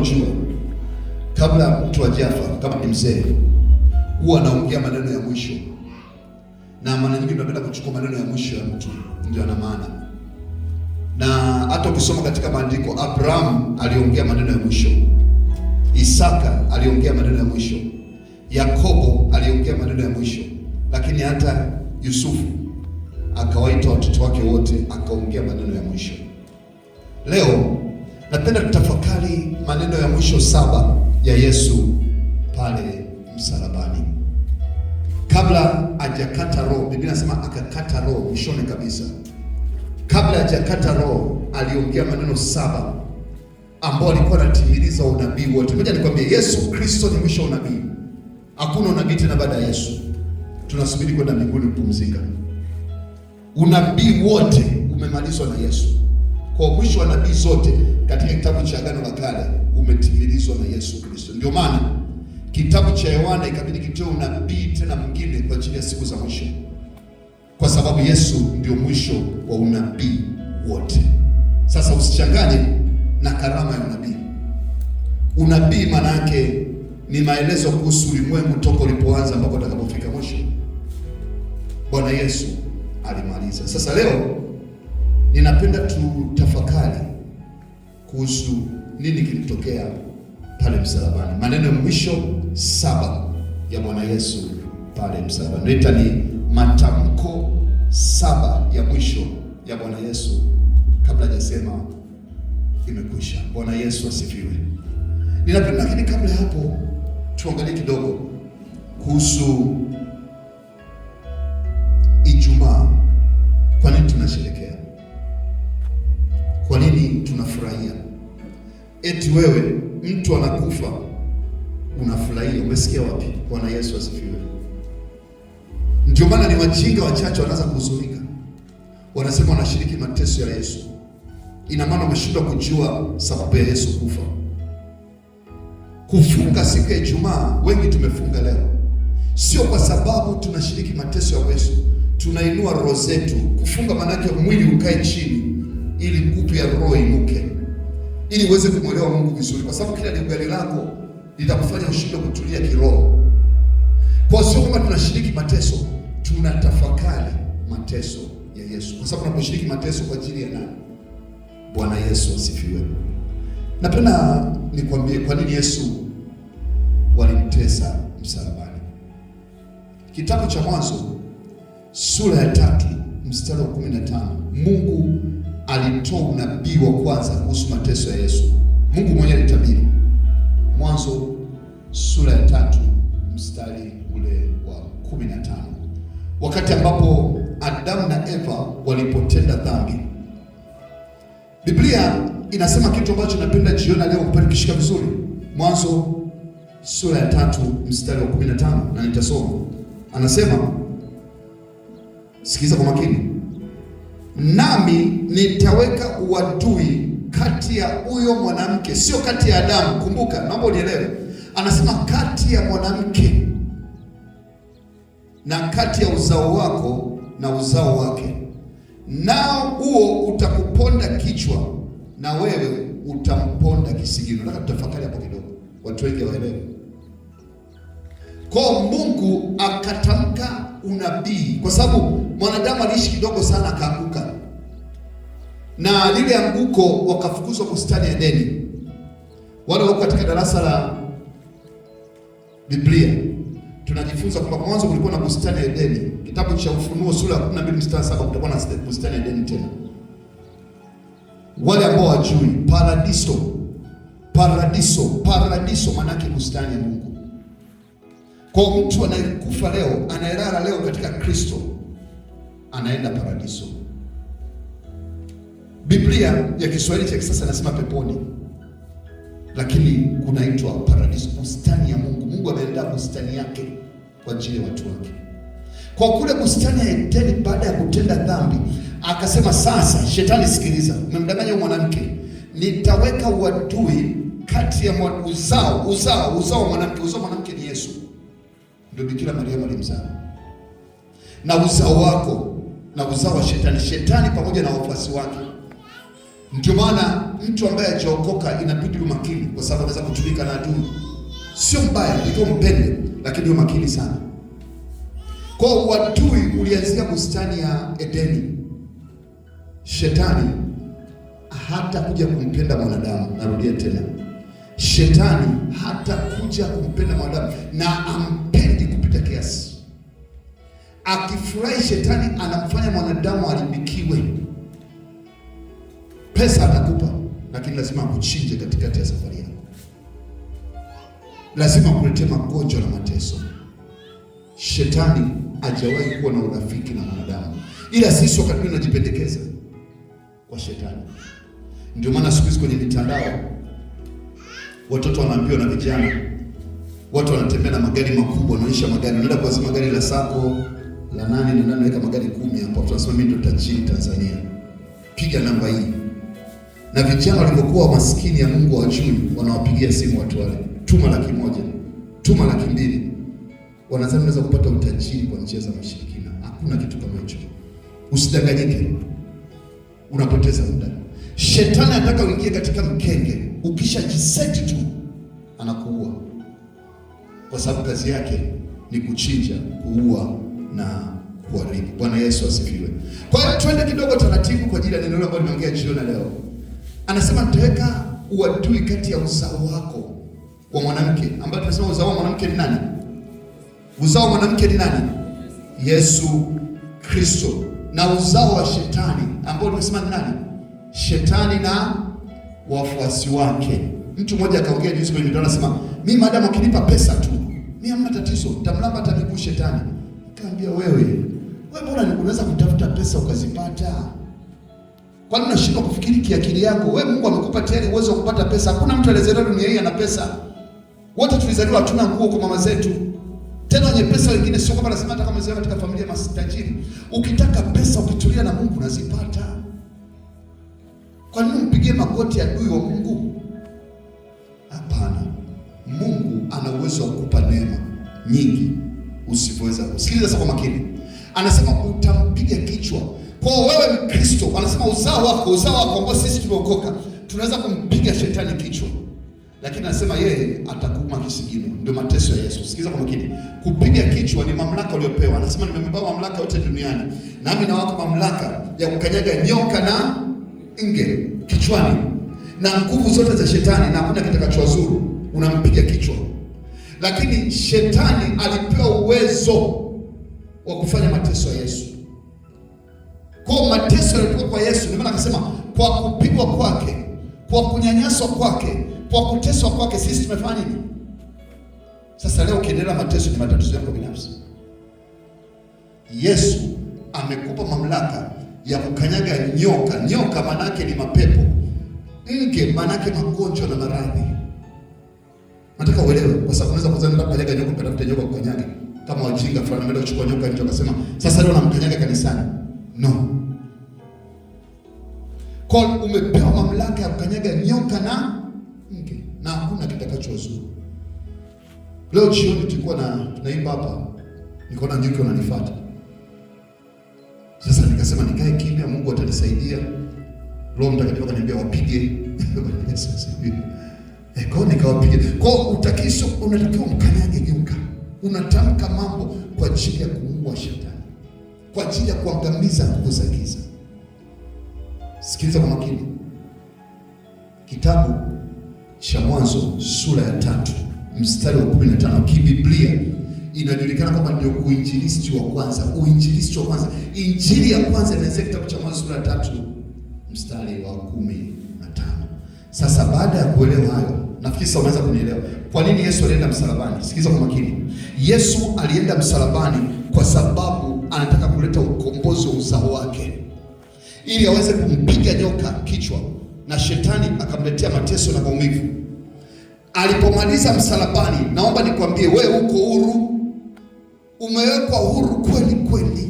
kujua kabla mtu ajafa, kama ni mzee, huwa anaongea maneno ya mwisho, na maana nyingi tunapenda kuchukua maneno ya mwisho ya mtu ndio ana maana. Na hata ukisoma katika maandiko, Abraham aliongea maneno ya mwisho, Isaka aliongea maneno ya mwisho, Yakobo aliongea maneno ya mwisho, lakini hata Yusufu akawaita watoto wake wote akaongea maneno ya mwisho. Leo Napenda kutafakari maneno ya mwisho saba ya Yesu pale msalabani, kabla ajakata roho. Biblia inasema akakata roho mwishoni kabisa, kabla ajakata roho aliongea maneno saba ambao alikuwa anatimiliza unabii wote. Ngoja nikwambie, Yesu Kristo ni mwisho unabii. Hakuna unabii tena baada ya Yesu. Tunasubiri kwenda mbinguni kupumzika. Unabii wote umemalizwa na Yesu, kwa mwisho wa nabii zote katika kitabu cha Agano la Kale umetimilizwa na Yesu Kristo. Ndio maana kitabu cha Yohana ikabidi kitoe unabii tena mwingine kwa ajili ya siku za mwisho, kwa sababu Yesu ndio mwisho wa unabii wote. Sasa usichanganye na karama ya unabii. Unabii maana yake ni maelezo kuhusu ulimwengu toka ulipoanza mpaka utakapofika mwisho. Bwana Yesu alimaliza. Sasa leo ninapenda tutafakari kuhusu nini kilitokea pale msalabani, maneno ya mwisho saba ya Bwana Yesu pale msalabani. Naita ni matamko saba ya mwisho ya Bwana Yesu kabla hajasema imekwisha. Bwana Yesu asifiwe. Ninapenda, lakini kabla ya hapo tuangalie kidogo kuhusu eti wewe mtu anakufa unafurahia. Umesikia wapi? Bwana Yesu asifiwe. Ndio maana ni wajinga wachache wanaanza kuhuzunika, wanasema wanashiriki mateso ya Yesu. Ina maana wameshindwa kujua sababu ya Yesu kufa. Kufunga siku ya Ijumaa, wengi tumefunga leo sio kwa sababu tunashiriki mateso ya Yesu, tunainua roho zetu. Kufunga maana yake mwili ukae chini ili nguvu ya roho inuke ili uweze kumwelewa Mungu vizuri, kwa sababu kila ligari lako litakufanya ushindwe kutulia kiroho. Kwa sio kama tunashiriki mateso, tunatafakari mateso ya Yesu, kwa sababu tunaposhiriki mateso kwa ajili ya nani? Bwana Yesu asifiwe. Napenda nikwambie kwa nini Yesu walimtesa msalabani. Kitabu cha Mwanzo sura ya tatu mstari wa 15 Mungu alitoa unabii wa kwanza kuhusu mateso ya Yesu. Mungu mwenyewe alitabiri, Mwanzo sura ya tatu mstari ule wa kumi na tano wakati ambapo Adamu na Eva walipotenda dhambi. Biblia inasema kitu ambacho napenda jiona leo kupata kishika vizuri, Mwanzo sura ya tatu mstari wa 15 na nitasoma, anasema, sikiza kwa makini nami nitaweka uadui kati ya huyo mwanamke, sio kati ya Adamu. Kumbuka, naomba unielewe, anasema kati ya mwanamke na kati ya uzao wako na uzao wake, nao huo utakuponda kichwa na wewe utamponda kisigino. Nataka tutafakari hapo kidogo, watu wengi waelewe. Kwa Mungu akatamka unabii, kwa sababu mwanadamu aliishi kidogo sana, akaanguka na lile anguko wakafukuzwa bustani ya Edeni. Wale wako katika darasa la Biblia tunajifunza kwamba mwanzo kulikuwa na bustani ya Edeni. Kitabu cha Ufunuo sura ya 12 mstari 7 kutakuwa na bustani ya Edeni tena. Wale ambao wajui paradiso, paradiso, paradiso yake bustani ya Mungu. Kwa mtu anayekufa leo, anayelala leo katika Kristo, anaenda paradiso. Biblia ya Kiswahili cha kisasa inasema peponi, lakini kunaitwa paradiso, bustani ya Mungu. Mungu ameandaa bustani yake kwa ajili ya watu wake. Kwa kule bustani ya Edeni, baada ya kutenda dhambi, akasema sasa, shetani, sikiliza, umemdanganya mwanamke, nitaweka uadui kati ya mwa, uzao uzao uzao mwanamke. Uzao mwanamke ni Yesu, ndio Bikira Mariamu alimzaa, na uzao wako na uzao wa shetani, shetani pamoja na wafuasi wake ndio maana mtu ambaye hajaokoka inabidi umakini, kwa sababu anaweza kutumika na adui. Sio mbaya, ndio mpende, lakini makini sana. Kwa uadui ulianzia bustani ya Edeni. Shetani hata kuja kumpenda mwanadamu, narudia tena, shetani hata kuja kumpenda mwanadamu, na ampendi kupita kiasi. Akifurahi, shetani anamfanya mwanadamu alimbikiwe pesa atakupa, lakini lazima akuchinje katikati ya safari yako, lazima akuletee magonjwa na mateso. Shetani hajawahi kuwa na urafiki na mwanadamu, ila sisi wakati tunajipendekeza kwa shetani. Ndio maana siku hizi kwenye mitandao watoto wanaambiwa na vijana, watu wanatembea na magari makubwa, wanaonyesha magari, naenda kuanzia magari la sako la nani na nani, naweka magari kumi hapo. Tunasema mimi ndo tajiri Tanzania, piga namba hii na vijana walivyokuwa maskini ya Mungu wajui, wanawapigia simu watu wale, tuma laki moja, tuma laki mbili. wanazani unaweza kupata utajiri kwa njia za mashirikina. Hakuna kitu kama hicho, usidanganyike, unapoteza muda. Shetani anataka uingie katika mkenge, jiseti tu anakuua, kwa sababu kazi yake ni kuchinja, kuua na kuharibu. Bwana Yesu asifiwe. Kwa hiyo twende kidogo taratibu kwa ajili ya neno ambalo nimeongea jioni leo anasema nitaweka uadui kati ya uzao wako wa mwanamke, ambaye tunasema uzao wa mwanamke ni nani? Uzao wa mwanamke ni nani? Yesu Kristo. Na uzao wa shetani ambao tunasema ni nani? Shetani na wafuasi wake. Mtu mmoja akaongea juzi kwenye mtandao, anasema mimi madamu akinipa pesa tu mimi hamna tatizo, tamlamba hata miguu shetani. kaambia wewe, wewe ni unaweza kutafuta pesa ukazipata? nini unashindwa kufikiri kiakili yako? Wewe Mungu amekupa tayari uwezo wa kupata pesa. Hakuna mtu alizaliwa dunia hii ana pesa. Wote tulizaliwa hatuna nguo kwa mama zetu. Tena wenye pesa wengine sio kama lazima hata kama umezaliwa katika familia masitajiri. Ukitaka pesa ukitulia na Mungu unazipata. Kwa nini mpigie magoti adui wa Mungu? Hapana. Mungu ana uwezo wa kukupa neema nyingi usivyoweza. Sikiliza sasa kwa makini. Anasema utampiga kichwa kwa wewe Mkristo, wanasema uzao wako, uzao wako ambao sisi tumeokoka, tunaweza kumpiga shetani kichwa, lakini anasema yeye atakuuma kisigino. Ndio mateso ya Yesu. Sikiza kwa makini, kupiga kichwa ni mamlaka uliopewa Anasema nimepewa mamlaka yote duniani, nami nawako mamlaka ya kukanyaga nyoka na nge kichwani na nguvu zote za shetani, na hakuna kitakachowazuru. Unampiga kichwa, lakini shetani alipewa uwezo wa kufanya mateso ya Yesu kwa mateso yalitoka kwa Yesu, ndio maana akasema kwa kupigwa kwake, kwa kunyanyaswa kwake, kwa kuteswa kwake sisi tumefanya nini? Sasa leo ukiendelea mateso ni matatizo yako binafsi. Yesu amekupa mamlaka ya kukanyaga nyoka. Nyoka manake ni mapepo, nge manake magonjwa na maradhi. Nataka uelewe, kwa sababu unaweza kuzani kuzana kukanyaga nyoka, ukatafuta nyoka kukanyaga kama wajinga fulani, mnaweza kuchukua nyoka nje, akasema sasa leo namkanyaga kanisani. No. Kwa umepewa mamlaka ya kukanyaga nyoka na nge na hakuna kitakachozuru. Leo jioni tulikuwa na tunaimba hapa, niko na nyuki wananifuata. Sasa nikasema nikae kimya, Mungu atanisaidia. Roho Mtakatifu akaniambia wapige. E, kwa nikawapiga. Kwa utakiso unatakiwa mkanyage nyoka. Unatamka mambo kwa ajili ya kuua shetani. Kwa ajili ya kuangamiza nguvu za giza. Sikiliza kwa makini, kitabu cha Mwanzo sura ya tatu mstari wa 15 kibiblia inajulikana kwamba ndio uinjilisti wa kwanza. Uinjilisti wa kwanza, injili ya kwanza inaanzia kitabu cha Mwanzo sura ya tatu mstari wa kumi na tano. Sasa baada ya kuelewa hayo, nafikiri sasa unaweza kunielewa kwa nini Yesu alienda msalabani. Sikiliza kwa makini, Yesu alienda msalabani kwa sababu anataka kuleta ukombozi wa uzao wake ili aweze kumpiga nyoka kichwa na shetani akamletea mateso na maumivu. Alipomaliza msalabani, naomba nikwambie, wewe uko huru, umewekwa huru kweli kweli.